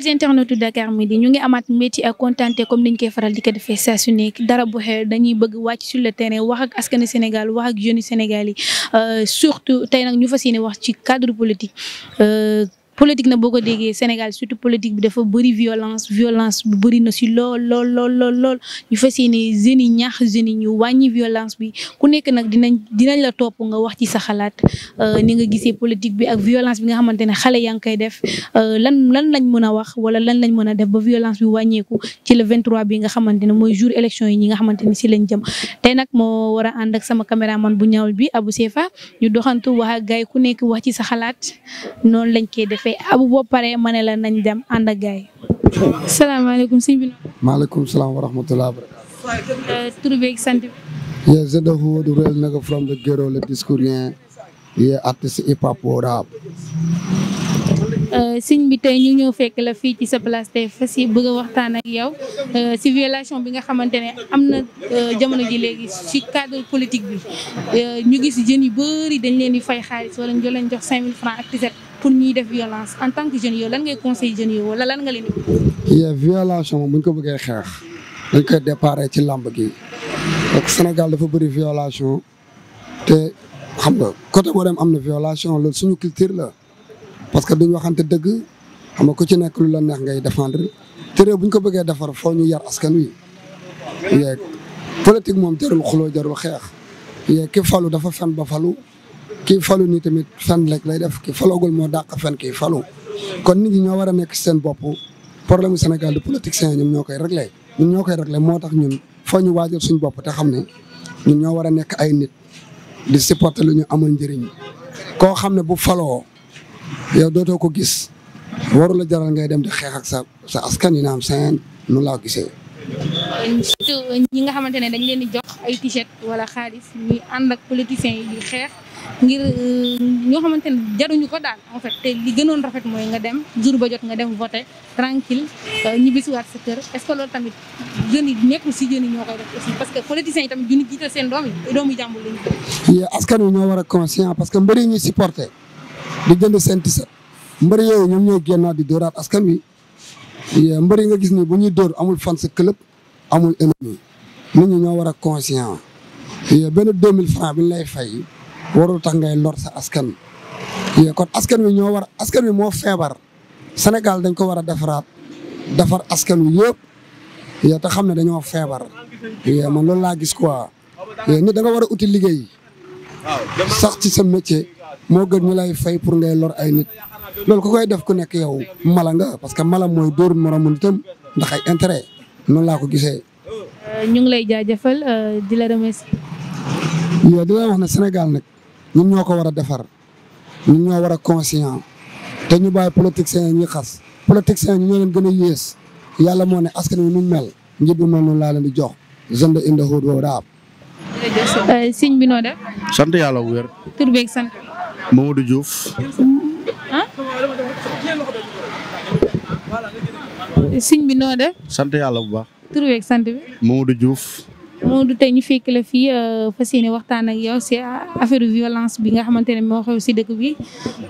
fidèles internautes Dakar Midi ñu ngi amaat métti ak kontante comme niñ koy faral di ko defee saa su dara bu xew dañuy bëgg wàcc sur le terrain wax ak askanu Sénégal wax ak jeunes Sénégal yi euh, surtout tey nag ñu fas yéene wax ci cadre politique euh, politique na boo ko déggee Sénégal surtout politique bi dafa bëri violence violence bu bëri na si lool lool lool ñu fas yéene jeunes yi ñu wàññi violence bi ku nekk nag dinañ dinañ la topp nga wax ci sa xalaat euh, ni nga gisee politique bi ak violence bi nga xamante ne xale yaa ngi koy def euh, lan lan lañ mën a wax wala lan lañ mën a def ba violence bi wàññeeku ci le 23 bi nga xamante ne mooy jour élection yi ñi nga xamante ne si lañ jëm te nag moo war a ànd ak sama caméraman bu ñaawul bi Abou Sefa ñu doxantu ci sa xalaat noonu lañ koy noppee abu boo paree ma ne la nañ dem ànd ak gars yi. maaleykum salaam wa rahmatulah. tur beeg sant bi. Yeah, Zenda from the ghetto, let this Korean. Yeah, artist hip Euh, sëñ bi tey ñu ñëw fekk la fii ci sa place tey fas yi bëgg a waxtaan ak yow si euh, violation bi nga xamante ne am na euh, jamono ji léegi si cadre politique bi ñu gis jeunes yu bëri dañ leen di fay xaalis wala ñu leen jox 5000 francs ak tiset pour ñuy def violence en tant que jeune yow lan ngay conseil jeunes yow wala lan nga leen di. violation moom bu ñu ko bëggee xeex dañ koy déparé ci làmb gi parce que Sénégal dafa bëri violation te xam nga côté boo dem am na violation loolu suñu culture la. parce que duñ waxante dëgg xam nga ku ci nekk lu la neex ngay défendre te réew bu ñu ko bëggee defar foo ñu yar askan wi. yeeg politique moom jarul xuloo jarul xeex yeeg ki falu dafa fen ba falu kii falu nii tamit fen rek lay def ki falogul moo dàq fen kii falu kon nit ñoo war a nekk seen bopp problème Sénégal de politiciens ñoom ñoo koy réglé ñun ñoo koy réglé moo tax ñun foo ñu waajal suñu bopp te xam ne ñun ñoo war a nekk ay nit di supporter lu ñu amul njëriñ koo xam ne bu faloo yow dootoo ko gis waru la jaral ngay dem di xeex sa sa askan naam seen nu laa gisee. ñi nga xamante ne dañ leen di jox ay t-shirt wala xaalis ñuy ànd ak politiciens yi di xeex ngir euh, ñoo xamante ne jaruñu ko daal en fait te li gënoon rafet mooy nga dem jur ba jot nga dem voté tranquille euh, ñu bisuwaat sa kër est ce que loolu tamit jeunes yi nekkul si jeunes yi ñoo koy def aussi parce que politiciens yi tamit duñu seen doom yi doomu jàmbur lañu ko. askan ñoo war a parce que mbëri ñuy supporté. di jënd seen sa mbër yooyu ñoom ñoo génnaat di dóoraat askan wi mbër yi nga gis ni bu ñuy dóor amul fan sa club amul ennemi nit ñi ñoo war a conscient benn 2000 francs bi ñu lay fay warul tax ngay lor sa askan kon askan wi ñoo war askan wi moo feebar Sénégal dañ ko war a defaraat defar askan wi yëpp te xam ne dañoo feebar man loolu laa gis quoi nit da nga war a uti liggéey sax ci sa métier moo gën ñu lay fay pour ngay lor ay nit loolu ko koy def ku nekk yow mala nga parce que mala mooy dóor moromu nitam ndax ay intérêt noonu laa ko gisee. Euh, ñu ngi lay jaajëfal euh, di la remercier. yow di la wax ne Sénégal nag ñun ñoo ko war a defar ñun ñoo war a conscient te ñu bàyyi politiciens yi ñuy xas politiciens yi ñoo leen gën a yées yàlla moo ne askan wi nu mel njiit bu mel laa leen di jox zone de Indahod boobu daa euh, bi noo def. sant yàlla wér. Mamadou Diouf. ah. sëñ bi noo def. sant yàlla bu baax. tur beeg sant bi. juuf du tey ñu fekk la fii euh, fas yéene waxtaan ak yow si affaire violence bi nga xamante ne moo xew si dëkk bi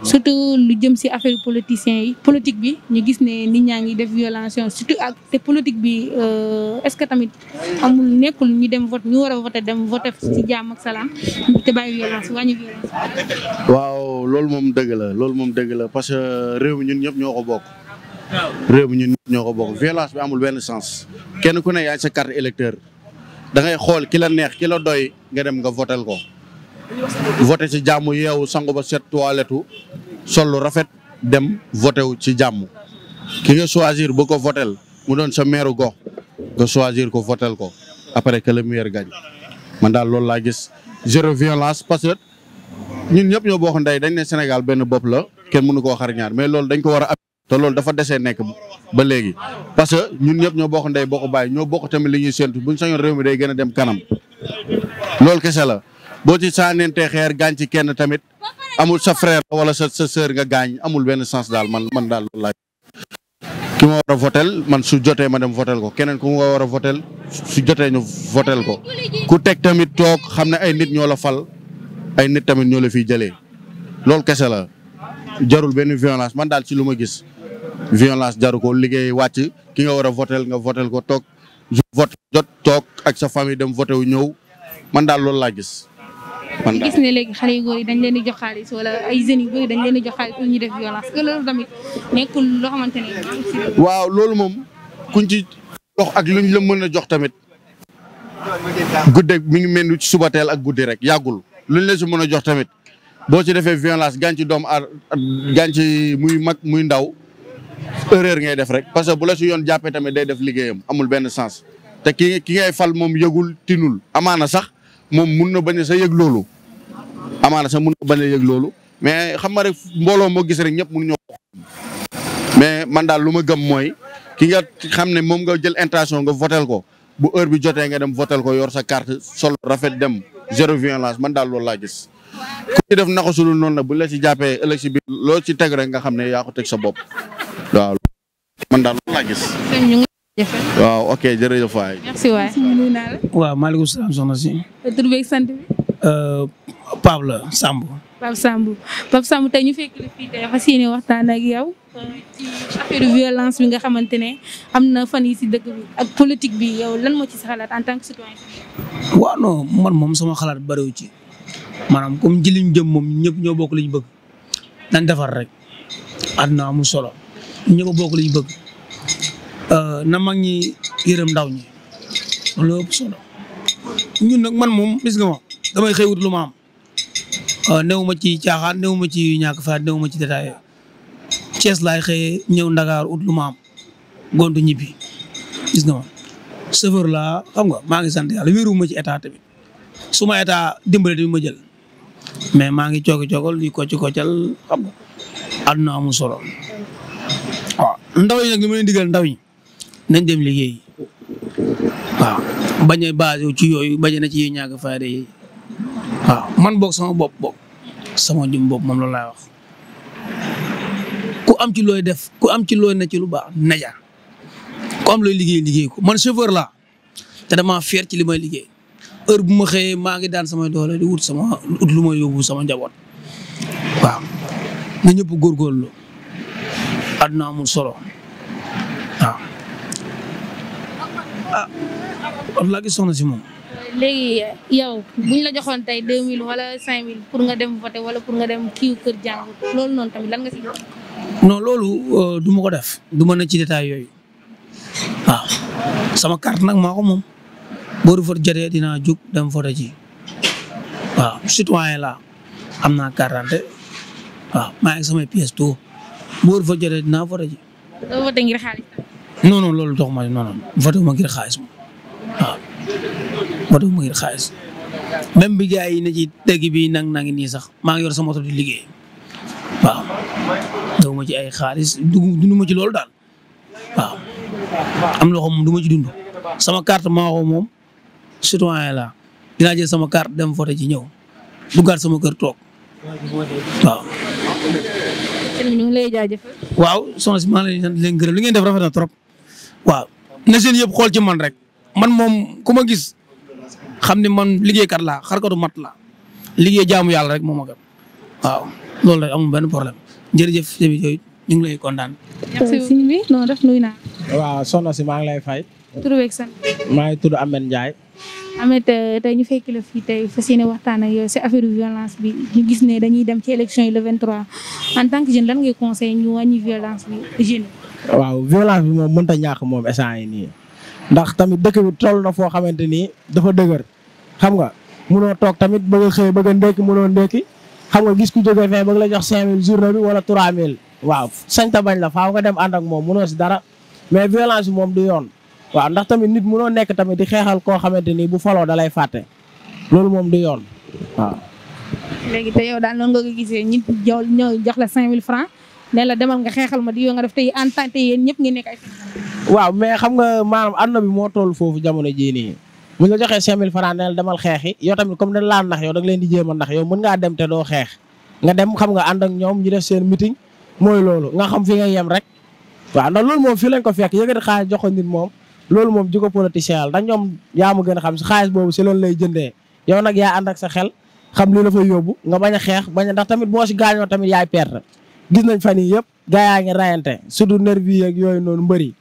surtout lu jëm si affaire politicien yi politique bi ñu gis ne nit ñaa ngi def violence surtout ak te politique bi euh, est-ce que tamit amul nekkul ñu dem vote ñu war a dem vote si jàmm ak salaam te bàyyi violence waaw loolu moom dëgg la loolu moom dëgg la parce que réew mi ñun ñëpp ñoo ko bokk. réew mi ñun ñëpp ñoo ko bokk violence bi amul benn sens kenn ku ne yaay sa da ngay xool ki neex ki doy nga dem nga votel ko voté ci jàmm yeewu sangu ba set toilettu sol lu rafet dem voté wu ci jàmm ki nga choisir bu ko votel mu doon sa meeru gox nga choisir ko votel ko après que le meilleur gagne man daal loolu laa gis zéro violence parce que ñun ñëpp ñoo bokk ndey dañ ne Sénégal benn bopp la kenn mënu ko xar ñaar mais loolu dañ ko war a te loolu dafa desee nekk ba léegi parce que ñun ñëpp ñoo bokk ndey bokk bàyyi ñoo bokk tamit li ñuy séntu buñ sañoon réew mi day gën a dem kanam loolu kese la boo ci saanentee xeer gaañ ci kenn tamit amul sa frère wala sa sa nga gaañ amul benn sens daal man man daal loolu laa ki ma war a votel man su jotee ma dem votel ko keneen ku ma war a votel su jotee ñu votel ko ku teg tamit toog xam ne ay nit ñoo la fal ay nit tamit ñoo la fi jëlee loolu kese la jarul benn violence man daal ci lu ma gis violence jaru ko liggéey wàcc ki nga war a votel nga votel ko toog vote jot toog ak sa famille dem voté wu ñëw man daal loolu laa gis. man daal gis ne léegi xale yu dañ leen di jox xaalis wala ay jeunes yu dañ leen di jox xaalis pour ñu def violence que loolu moom kuñ ci dox ak luñ la mën a jox tamit guddeeg mi ngi mel ci suba teel ak guddi rek yàggul luñ la si mën a jox tamit boo ci defee violence gaañ ci doomu aar gaañ ci muy mag muy ndaw. erreur ngay def rek parce que bu la si yoon jàppee tamit day def liggéeyam amul benn sens te ki ki ngay fal moom yëgul tinul amaana sax moom mun na bañ a sa yëg loolu amaana sax mun na bañ a yëg loolu mais xam rek mbooloo moo gis rek ñëpp mun ñoo mais man daal lu ma gëm mooy ki nga xam ne moom nga jël intention nga votel ko bu heure bi jotee nga dem votel ko yor sa carte sol rafet dem zéro violence man daal loolu laa gis ku def naka su dul noonu la bu la ci jàppee ëllëg si biir loo ci teg rek nga xam ne yaa ko teg sa bopp waaw man daal loolu laa gis. waaw ok jërëjëf waay. si. Euh, tur sant bi. Euh, la Samb. Samb Pape Samb ñu fekk la fii waxtaan ak yow euh, ci violence bi nga xamante ne am na fan yi si dëkk bi ak politique bi yow lan moo ci sa xalaat en tant que citoyen. waaw non man moom sama xalaat bariwul ci maanaam comme ci liñ jëm moom ñëpp ñoo bokk liñ bëgg nañ defar rek àdduna amul solo. ñu ko bokk liñ euh, na mag ñi yërëm ndaw ñi loolu solo ñun na man moom gis nga ma damay xëy wut lu ma am euh, néew ma ci caaxaan néew ma ci ñàkk faat néew ma ci détaillé Cees laay xëyee ñëw Ndakaar ut lu ma am gontu ñibbi gis nga ma chauffeur laa xam nga maa ngi sant yàlla wéeru ma ci état tamit su ma état dimbale tamit ma jël mais maa ngi cooki cookal di kocc koccal xam nga àdduna solo ndaw yi nag li ma leen digal ndaw yi nañ dem liggéey waaw bañ a basé ci yooyu bañ na ci yooyu ñàkk fayda yi waaw man boog sama bopp boog sama jum bopp moom loolu wax ku am ci looy def ku am ci looy na ci lu baax naja ku am looy liggéey liggéey ko man chauffeur la te damaa fier ci li may liggéey heure bu ma xëyee maa ngi daan sama doole di wut sama ut lu ma yóbbu sama njaboot waaw na ñëpp góorgóorlu àdduna amul solo waaw. ah war laa si moom. léegi yow buñ la joxoon tey deux mille wala cinq mille pour nga dem voté wala pour nga dem kiiw kër jàngu loolu noonu tamit lan nga si non loolu euh, duma ko def du ma ne ci détail yooyu waaw sama carte nag maa ko moom booru vote jotee dinaa jug dem voté ji waaw citoyen la am naa carte d'identité waaw maa ngi samay pièces tout. bu war fa jotee dinaa voté ji. doo loolu taxuma ma ngir xaalis moom waaw voté ma ngir xaalis même bi gars yi ne ci dëgg bi nang nangi nii sax maa ngi yor sama moto di waaw daw ma ci ay xaalis dundu ma ci loolu daal waaw am loo du ma ci dund sama carte maa ko moom citoyen la dinaa jël sama carte dem voté ji ñëw duggaat sama kër toog waaw. ñu ngi lay jaajëfal. waaw soxna a maa ngi lay li ngeen def rafet na trop waaw na seen yëpp xool ci man rek man moom ku ma gis xam ne man liggéeykat laa xarkatu mat laa liggéey jaamu yàlla rek moo ma gën waaw loolu rek amul benn problème jërëjëf sëñ yooyu ñu ngi lay kontaan. merci beaucoup sëñ bi noo waaw soxna si maa ngi lay fay. tur beeg sant. maa ngi tudd Ameth Ndiaye. te tey ñu fekk la fii tey fas yéene waxtaan ak yow si affaire violence bi ñu gis ne dañuy dem ci élection yi le 23 en tant que jeune lan ngay conseil ñu wàññi violence bi jeune. violence bi moom mënut a ñàkk moom instant yi nii ndax tamit dëkk bi toll na foo xamante ni dafa dëgër xam nga mënoo toog tamit bëgg a xëy bëgg a ndékki xam nga gis ku jógee fee bëgg la jox 5000 journée bi wala 3000. waaw sañ ta bañ la faaw nga dem ànd ak moom mënoo si dara mais violence moom du yoon. waaw ndax tamit nit munoo nekk tamit di xeexal koo xamante ni bu faloo da lay fàtte loolu moom du yoon waaw. léegi te yow daal noonu nga ko gisee nit yow ñëw jox la 5000 francs ne la demal nga xeexal ma di yoon nga def tey en tant yéen ñëpp ngeen nekk ay. waaw mais xam nga maanaam àdduna bi moo toll foofu jamono jii nii. bu ñu la joxee 5000 francs ne la demal xeexi yow tamit comme dañ laa nax yow da nga leen di jéem a yow mën ngaa dem te doo xeex nga dem xam nga ànd ak ñoom ñu def seen meeting mooy loolu nga xam fi nga yem rek waaw ndax loolu moom fii lañ ko fekk yëkkati xaalis jox ko nit moom loolu moom jikko politicien la dañ ñoom yaa ma gën a xam si xaalis boobu si loolu lay jëndee yow nag yaa ànd ak sa xel xam li la fa yóbbu nga bañ a xeex bañ ndax tamit boo si gaañoo tamit yaay perte gis nañ fan yii yëpp gaa yaa ngi rayante surtout nervi yeeg yooyu noonu mbëri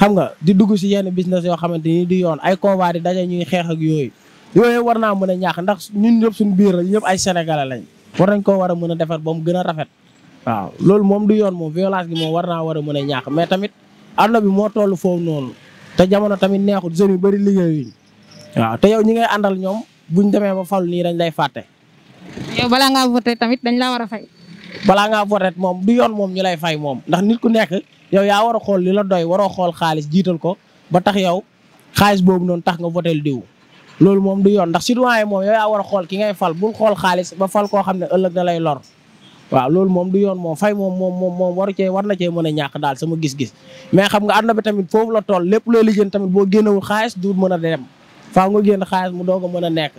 xam nga di dugg si yenn business yoo xamante ni di yoon ay convois di daje ñuy xeex ak yooyu war naa mën a ñaax ndax ñun ñëpp suñu biir la ñëpp ay sénégalais lañ war nañ ko war a mën a defar ba mu gën a rafet waaw loolu moom du yoon moom violence gi moom war naa war a mën a ñaax mais tamit àdduna bi moo toll foofu noonu te jamono tamit neexul jeunes yu bëri liggéeyuñ waaw te yow ñi ngay àndal ñoom bu ñu demee ba fal nii dañ lay fàtte. yow balaa ngaa voté tamit dañ la war a fay. balaa ngaa voté moom du yoon moom ñu lay fay moom ndax nit ku nekk yow yaa war xool li la doy waroo xool xaalis jiital ko ba tax yow xaalis boobu noonu tax nga voté diw. loolu moom du yoon ndax citoyen moom yow yaa war xool ki ngay fal bul xool xaalis ba fal koo xam ne ëllëg da lay lor. waaw loolu moom du yoon moom fay moom moom moom moom waru cee war na cee mën a ñàkk daal sama gis-gis mais xam nga àdduna bi tamit foofu la toll lépp loo lijjën tamit boo génnewul xaalis du mën a dem faaw nga génn xaalis mu doog a mën a nekk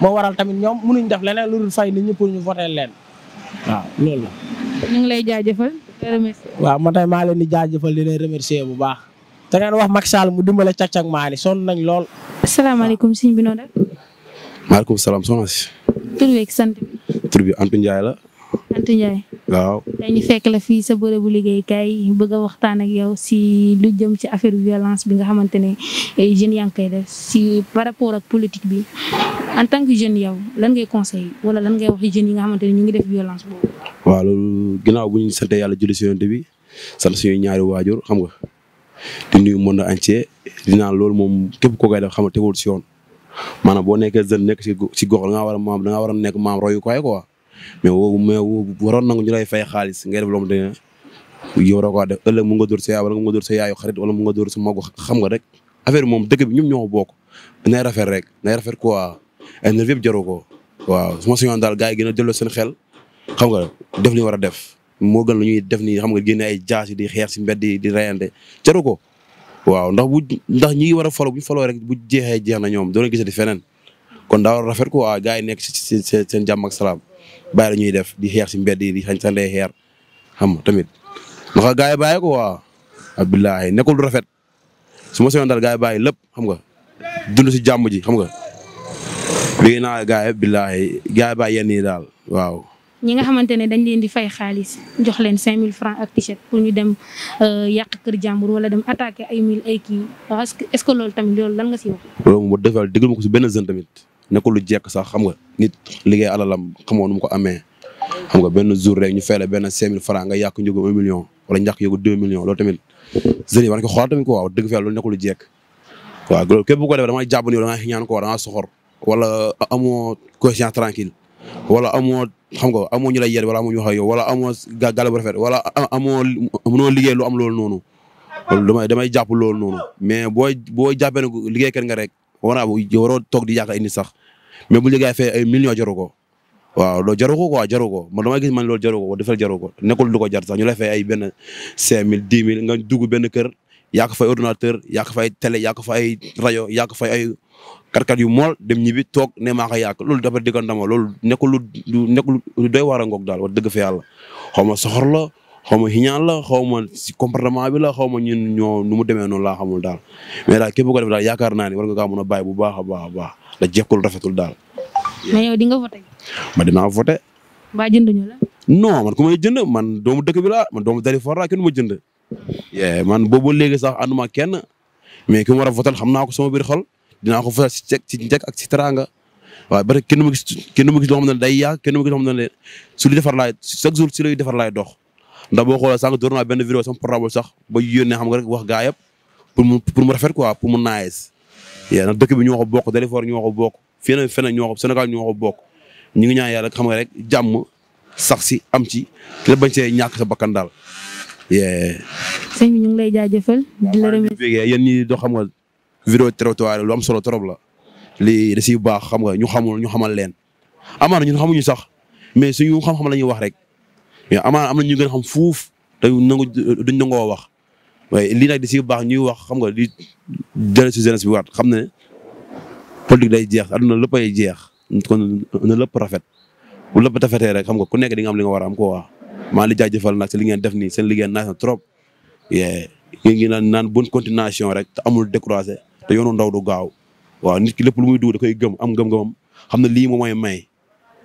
moo waral tamit ñoom mënuñ def leneen lu dul fay nit ñi pour ñu voté leen waaw loolu la. ñu lay jaajëfal remercier. waaw man tey di jaajëfal di leen remercier bu baax. te ngeen wax Macky Sall mu dimbale càq càq maa nañ lool. asalaamaaleykum sëñ bi noo def. maaleykum salaam soxna si. sant bi. bi Antou Ndiaye la. Anta Ndiaye waaw tey ñu fekk la fii sa bërëbu liggéeykaay bëgg a waxtaan ak yow si lu jëm ci affaire violence bi nga xamante ne jeunes yaa ngi koy def si par rapport ak politique bi en tant que jeune yow lan ngay conseil wala lan ngay wax jeunes yi nga xamante ne ñu ngi def violence boobu. waa loolu ginnaaw bu ñu sante yàlla julli si yonent bi sant suñu ñaari waajur xam nga di nuyu monde entier di naan loolu moom képp koo koy def xam tegul si yoon maanaam boo nekkee jeune nekk si gox da war a maam da war a nekk maam royukaay quoi. mais woo mais waroon nangu ñu lay fay xaalis nga def loolu de yow da koo def ëllëg mu nga dóor sa yaay wala mu nga dóor sa yaayu xarit wala mu nga dóor sa magu xam nga rek affaire moom dëkk bi ñoom ñoo bokk nay rafet rek nay rafet quoi ay nerf yëpp jaru ko waaw su ma daal gars yi gën a seen xel xam nga def li war a def moo lu ñuy def nii xam nga génne ay jaasi di xeex si mbedd yi di reyante jaru ko waaw ndax bu ndax ñi war a falo bu ñu rek bu jeexee jeex na ñoom doo leen di feneen kon daa war a rafet quoi gars yi nekk si seen jàmm ak salaam bàyyi la ñuy def di xeex si mbedd yi di xañ sa ndey xeer xam nga tamit ma xam gars yi ko waaw abdullahi nekkul du rafet su ma seyoon daal gars yi bàyyi lépp xam nga dund si jàmm ji xam nga léegi naa gars yi billahi gars yi bàyyi yenn daal waaw. ñi nga xamante ne dañ leen di fay xaalis jox leen 5000 francs ak t-shirt pour ñu dem euh, yàq kër jàmbur wala dem attaqué ay mil ay kii que loolu tamit loolu lan nga si wax. loolu moom defal déglu ko si benn jeune tamit. nekkul lu jekk sax xam nga nit liggéey alalam xamoo nu mu ko amee xam nga benn jour rek ñu fay benn cinq mille francs nga yàq njëgu un million wala ñàkk yëgu deux millions loolu tamit jeunes yi war ko xool tamit ko waaw dëgg fa yàlla lu jekk waaw loolu képp bu ko defee damay jàpp ni yow da ngaa ñaan ko war da ngaa wala amoo conscience tranquille wala xam nga amoo ñu lay yedd wala amoo ñu wax wala amoo gàll bu rafet wala amoo mënoo liggéey lu am loolu noonu damay damay jàpp loolu noonu mais boo boo jàppee ne liggéeykat nga rek wara waroo toog di yàq ay nit sax mais bu ñu la fay ay million jaru ko waaw loolu jaru ko quoi jaru ko man dama gis man loolu jaru ko defal jaru ko nekkul du ko jar sax ñu la fay ay benn cinq mille dix mille nga dugg benn kër yàq fa ay ordinateur yàq fa ay télé yàq fa ay rajo yàq fa ay karkat yu mool dem ñibbi toog ne maa ko yàq loolu dafa diggante ma loolu nekkul lu nekkul lu doy waar a ngoog daal wax dëgg fa yàlla xaw soxor la xaw ma xiñaan la xaw ma si comportement bi la xaw ma ñun ñoo nu mu demee noonu laa xamul daal mais daal képp def daal yaakaar naa ni war nga kaa mën a bàyyi bu baax a baax a baax da jekkul rafetul daal. di nga voté. ma dinaa voté. mbaa jënduñu la. ku may jënd man doomu dëkk bi laa man doomu Dalifort laa kenn ma jënd. man boobu léegi sax ànduma kenn mais ki mu a voté xam naa ko sama biir xol dinaa ko voté si ci njëkk si teraanga waaw ba kenn ma gis kenn ma gis loo xam ne day yàq kenn ma gis loo xam ne su li defar laay jour si lay defar laay dox ndax boo xoolee sànq door naa benn vidéo sama portable sax ba yónnee xam nga rek wax gaa yëpp pour mu pour mu rafet quoi pour mu naayees. yaa nag dëkk bi ñoo ko bokk Dalifort ñoo wax bokk feneen feneen ñoo ko Sénégal ñoo ko bokk ñu ngi ñaan yàlla xam nga rek jàmm sax si am ci la bañ see ñàkk sa bakkan daal. sëñ bi ñu ngi lay jaajëfal. di la remercier yéen ñii xam nga vidéo territoire lu am solo trop la. lii da siy baax xam nga ñu xamul ñu xamal leen amaana ñu xamuñu sax mais suñu xam-xam la ñuy wax rek mais amaana am na ñu gën a xam fuuf te nangu duñ nangoo wax waaye lii nag di si baax ñuy wax xam nga di jëlee si jeunesse waat xam ne politique day jeex adduna lépp ay jeex kon na lépp rafet bu lépp rek xam nga ku nekk di am li nga war a am ko wax maa ngi jaajëfal nag li ngeen def nii seen liggéey naaj trop yéen ngi naan naan bonne continuation rek amul découragé te yoonu ndaw du gaaw waaw nit ki lépp lu muy dugg da koy gëm am gëm-gëmam xam ne lii moom mooy may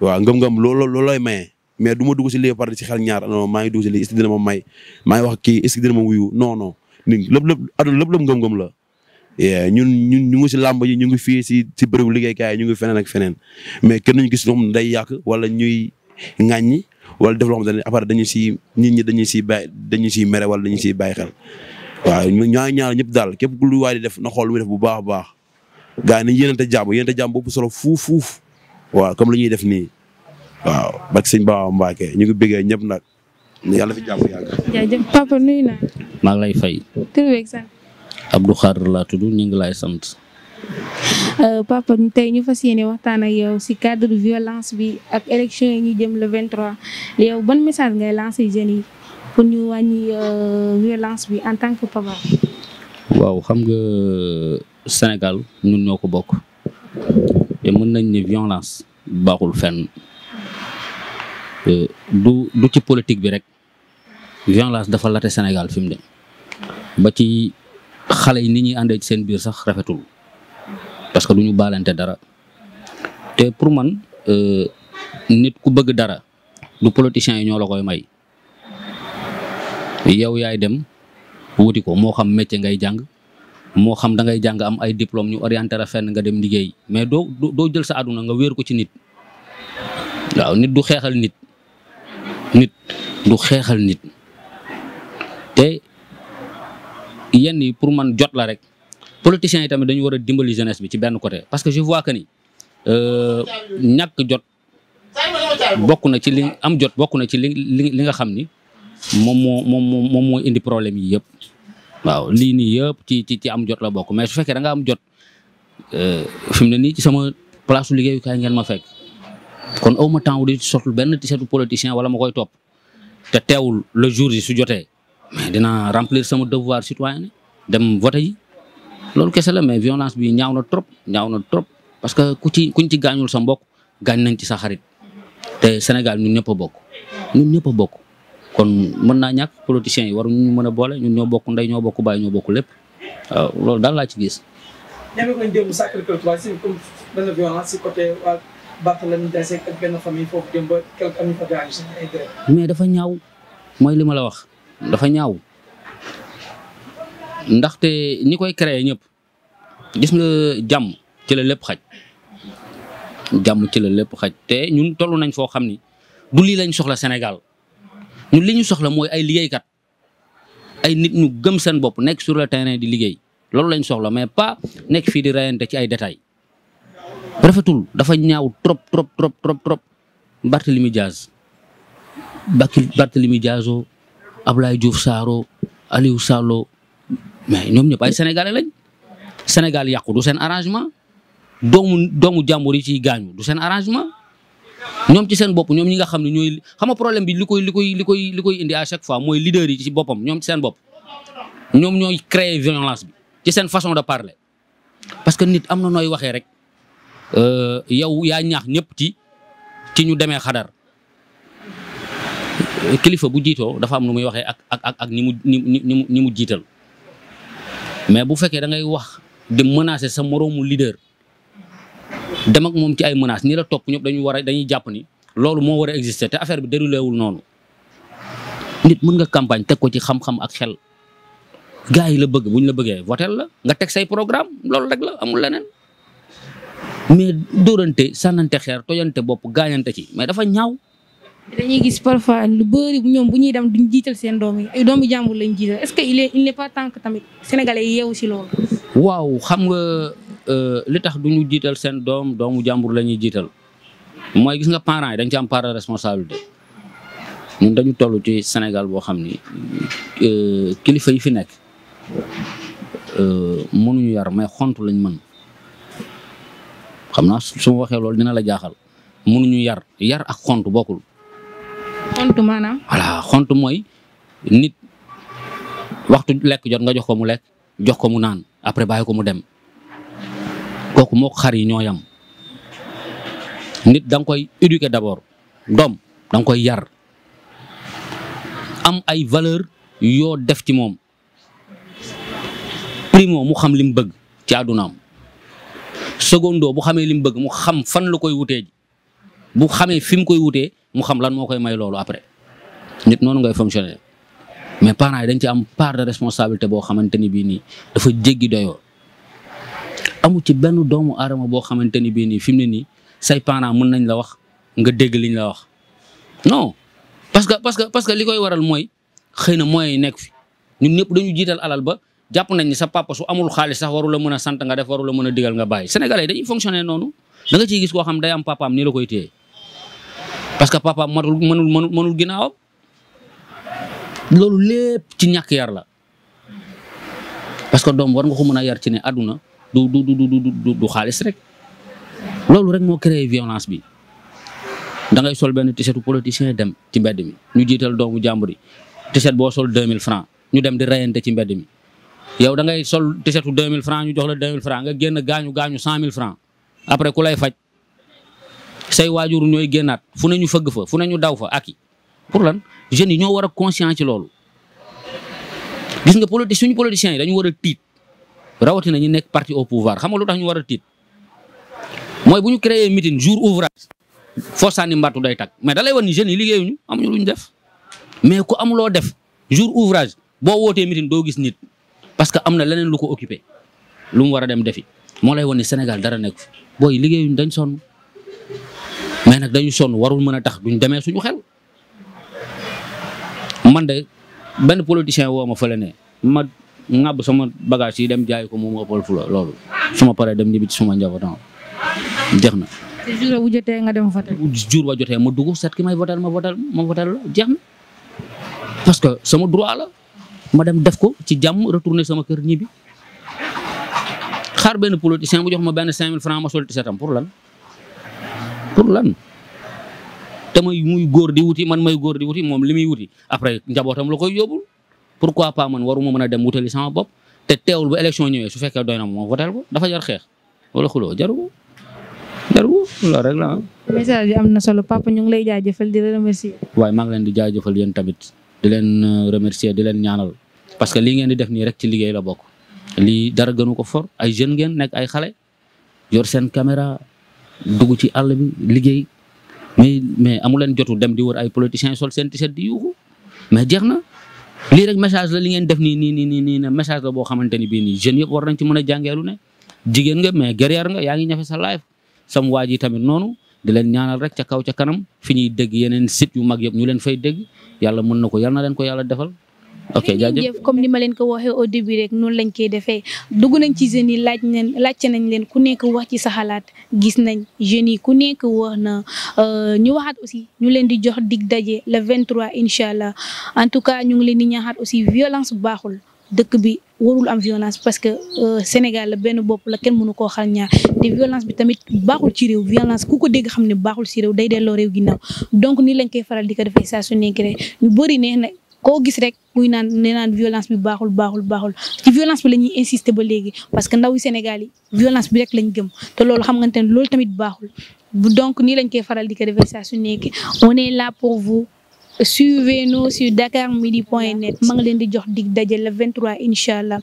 waaw ngëm-ngëm looloo looloo mais du ma dugg si lii par ci xel ñaar non maa ngi dugg si lii est-ce que ma may maa ngi wax kii est-ce que dina ma wuyu non non nit lépp lépp aduna la ñun ñun ñu ngi si làmb ji ñu ngi fii si si bërëbu liggéeykaay ñu ngi feneen ak feneen mais kenn ñu gis loo xam ne day yàq wala ñuy ŋàññi wala def loo xam ne après dañu si nit ñi dañu siy bàyyi dañu siy mere wala dañu siy bàyyi xel waaw ñaa ñaar ñëpp daal képp ku lu waay def na xool mu bu baax a baax gars yi nañ yéenante jàmm yéenante jàmm boobu solo fuuf fuuf waaw comme la ñuy def nii waaw barke sëñ Baba Mbacke ñu ngi bëggee ñëpp nag yàlla fi jàmm yàgg. papa nuyu naa. maa ngi lay fay. tur beeg sant. Abdou Khadre laa tudd ñu ngi lay sant. Euh, papa tey ñu fas yéene waxtaan ak yow si cadre violence bi ak élection yi ñu jëm le 23 yow ban message ngay lancer jeunes yi pour ñu wàññi euh, violence bi en tant que papa. waaw xam nga Sénégal ñun ñoo ko bokk te mën nañ ne violence baaxul fenn. Euh, du du ci politique bi rek violence dafa late Sénégal fi mu ne ba ci xale yi ni ñuy àndee ci seen biir sax rafetul parce que du ñu baalante dara te pour man euh, nit ku bëgg dara du politiciens yi ñoo la koy may yow yaay dem wuti ko moo xam métier ngay jàng moo xam da ngay jàng am ay diplôme ñu orienté la fenn nga dem liggéey mais doo jël sa àdduna nga wéer ko ci nit waaw nit du xeexal nit nit du xeexal nit te yenn yi pour man jot la rek politiciens yi tamit dañu war a dimbali jeunesse bi ci benn côté parce que je vois que ni euh, ñàkk jot bokk na ci li am jot bokk na ci li li nga xam ni moom moo moom moom moo indi problème yi yëpp waaw lii nii yëpp ci ci ci am jot la bokk mais su fekkee da nga am jot euh, fi mu ne nii ci sama place liggéeyukaay ngeen ma fekk. kon awma temps wu di sotul benn tisetu politicien wala ma koy te teewul le jour yi su jotee mais dinaa remplir sama devoir citoyen dem vote yi loolu kese la mais violence bi ñaaw na trop ñaaw na trop parce que ku ci kuñ ci gaañul sa mbokk gaañ nañ ci sa xarit te Sénégal ñun ñëpp a bokk ñun ñëpp a bokk kon mën naa ñàkk politiciens yi waruñu mën a boole ñun ñoo bokk ndey ñoo bokk bàyyi ñoo bokk lépp loolu daal laa ci gis. bàtt lañ dese ak benn famille mais dafa ñaaw mooy li ma la wax dafa ñaaw ndaxte ñi koy créer ñëpp gis nga jàmm ci la lépp xaj jàmm ci la lépp xaj te ñun toll nañ foo xam ni du lii lañ soxla Sénégal ñun li ñu soxla mooy ay liggéeykat ay nit ñu gëm seen bopp nekk sur le terrain di liggéey loolu lañ soxla mais pas nekk fii di rayante ci ay détails rafetul dafa ñaaw trop trop trop trop trop Barthélemy Diaz Bakil Barthélemy Diazo Ablaye Diouf Saaro Aliou Sallo mais ñoom ñëpp ay sénégalais lañ Sénégal yàqu du seen arrangement doomu doomu yi ciy gaañu du seen arrangement ñoom ci seen bopp ñoom ñi nga xam ne ñooy xam nga bi li koy li koy li koy li koy indi à chaque fois mooy leader yi ci boppam ñoom ci seen bopp ñoom ñooy créer violence bi ci seen façon de parler parce que nit am na nooy waxee rek. Euh, yow yaa ñaax ñëpp ci ci ñu demee xadar kilifa bu jiitoo dafa am nu muy waxee ak ak ak ak ñi mu ñi mu jiital mais bu fekkee dangay wax di menacer sa moroomu leader dem moom ci ay menaces ni la topp ñëpp dañu war a dañuy jàpp ni loolu moo war a exister te affaire bi déroulé wul noonu nit mun nga campagne teg ko ci xam-xam ak xel gars yi la bëgg bu la bëggee votel la nga teg programme loolu rek la amul leneen. mais dóorante sànnante xeer tojante bopp gaañante ci mais dafa ñaaw. dañuy gis parfois lu bëri ñoom bu ñuy dem duñ jiital seen doom yi ay doomu jàmbur lañ jiital est-ce que il est si loolu. waaw xam nga euh, li tax du jiital seen doom doomu jàmbur lañuy jiital mooy gis nga parent dañ ci am part de responsabilité ñun dañu toll ci senegal boo xam ni euh, kilifa yi fi nekk euh, mënuñu yar mais xont lañ mën. xam naa su ma waxee loolu dina la jaaxal mënuñu yar yar ak xont bokkul. xont maanaam. voilà xont mooy nit waxtu lekk jot nga jox ko mu lekk jox ko mu naan après bàyyi ko mu dem kooku moo xar yi ñoo yam nit da koy éduquer d'abord doom da nga koy yar am ay valeur yoo def ci moom primo mu xam li mu bëgg ci àddunaam secondo bu xamee li mu bëgg mu xam fan la koy wutee bu xamee fi mu koy wutee mu xam lan moo koy may loolu après nit noonu ngay fonctionner mais parents dañ ci am part de responsabilité boo xamante ni bii nii dafa jéggi doyoo amu ci benn doomu aadama boo xamante ni bii nii fi mu ne nii say parents mën nañ la wax nga dégg liñ la wax non que parce que parce que li koy waral mooy xëy na moyens yi nekk fi ñun ñëpp dañu jiital alal ba jàpp nañ ni sa papa su amul xaalis sax waru mën a sant nga def waru mën a digal nga bàyyi sénégalais dañuy fonctionner noonu da nga ciy gis koo xam day am papaam nii la koy téye parce que papaam matul mënul mënul mënul ginnaawam loolu lépp ci ñàkk yar la parce que doom war nga ko mën a yar ci ne àdduna du du du du xaalis rek loolu rek moo créé violence bi da sol benn tisetu politicien dem ci mbedd mi ñu jiital doomu jàmbur yi tiset boo sol 2000 francs ñu dem di reyante ci mbedd mi. yow da ngay sol tisetu mil francs ñu jox la 2000 francs nga génn gaañu gaañu 100000 francs après ku lay faj say waajur ñooy génnaat fu na ñu fëgg fa fu ne ñu daw fa aki pour lan jeunes yi ñoo war a conscient loolu gis nga politi suñu politiciens yi dañu war a tiit rawatina ñu nekk parti au pouvoir xam nga lu tax ñu war a tiit mooy bu ñu créer meeting jour ouvrage foo sànni mbatu day tag mais da lay wan ni jeunes yi liggéeyuñu amuñu lu ñu def mais ku am loo def jour ouvrage boo wootee meeting doo gis nit. parce que am na leneen lu ko occupé lu mu war a dem defi moo lay wan ni Sénégal dara nekk fi booy liggéeyuñ dañ sonn mais nag dañu sonn warul mën a tax duñ demee suñu xel. man de benn politicien woo ma fële ne ma ŋàbb sama bagage yi dem jaay ko moom ëppal fu la loolu su ma dem ñibbi ci suma njabootam jeex na. jur bu nga dem voté. jur wa jotee ma dugg seet ki may votal ma votal jeex na parce que sama droit la. ma dem def ko ci jàmm retourné sama kër ñibbi xaar benn politicien bu jox ma benn 5000 francs ma sol tisetam pour lan pour lan te muy muy di wuti man may góor di wuti moom li muy wuti après njabootam la koy yóbbul pourquoi pas man waruma mën a dem wutali sama bopp te teewul ba élection ñëwee su fekkee doy na moom votel ko dafa jar xeex wala xuloo jaru jarul loolu rek la message bi am na solo papa ñu ngi lay jaajëfal di remercier. waaye maa leen di jaajëfal yéen tamit parce que lii ngeen di def nii rek ci liggéey la bokk lii dara gënu ko for ay jeunes ngeen nekk ay xale yor seen caméra dugg ci àll bi liggéey mais mais leen jotu dem di wër ay politiciens sol seen t-shirt di yuuxu mais jeex na lii rek message la li ngeen def nii ni nii nii nii message la boo xamante ni bii nii jeunes yëpp war mën a jàngeelu ne jigéen nga mais guerrière nga yaa ngi ñafe sa live sam waa ji tamit noonu di leen ñaanal rek ca kaw ca kanam fi ñuy dégg yeneen site yu mag yëpp ñu leen fay dégg yàlla mën na ko yàlla leen ko yàlla defal ok jaajëf comme ni ma leen ko waxee au début rek noonu lañ koy defee dugg nañ ci jeunes yi laaj nañ laajte nañ leen ku nekk wax ci sa xalaat gis nañ jeunes yi ku nekk wax na euh, ñu waxaat aussi ñu leen di jox dig daje le 23 incha allah en tout cas ñu ngi leen di ñaaxaat aussi violence baaxul dëkk bi warul am violence parce que euh, Sénégal benn bopp la kenn mënu koo xal ñaar te violence bi tamit baaxul ci réew violence ku ko dégg xam ne baaxul ci réew day delloo réew ginnaaw donc nii lañ koy faral di ko defee saa su nekk koo gis rek muy naan nee naan violence bi baaxul baaxul baaxul ci violence bi la ñuy insister ba léegi parce que ndawu Sénégal yi violence bi rek lañ gëm te loolu xam nga ne loolu tamit baaxul donc nii lañ koy faral di ko defee saa su nekk on est pour vous. suivez-nous point dakarmidi.net ma ngi leen di jox dig daje le 23 incha allah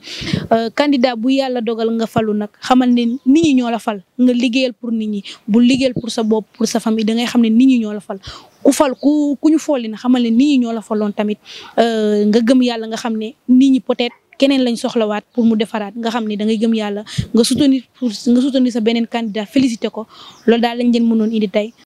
euh, candidat bu yàlla dogal nga falu nag xamal ne nit ñi ñoo la fal nga liggéeyal pour nit ñi bu liggéeyal pour sa bopp pour sa famille da ngay xam ne nit ñi ñoo fal ku fal ku ku ñu folli na xamal ne nit ñi ñoo la faloon tamit euh, nga gëm yàlla nga xam ne nit ñi peut keneen lañ soxlawaat pour mu defaraat nga xam ne da ngay gëm yàlla nga soutenir pour nga soutenir sa beneen candidat félicité ko loolu daal lañ leen mënoon indi tey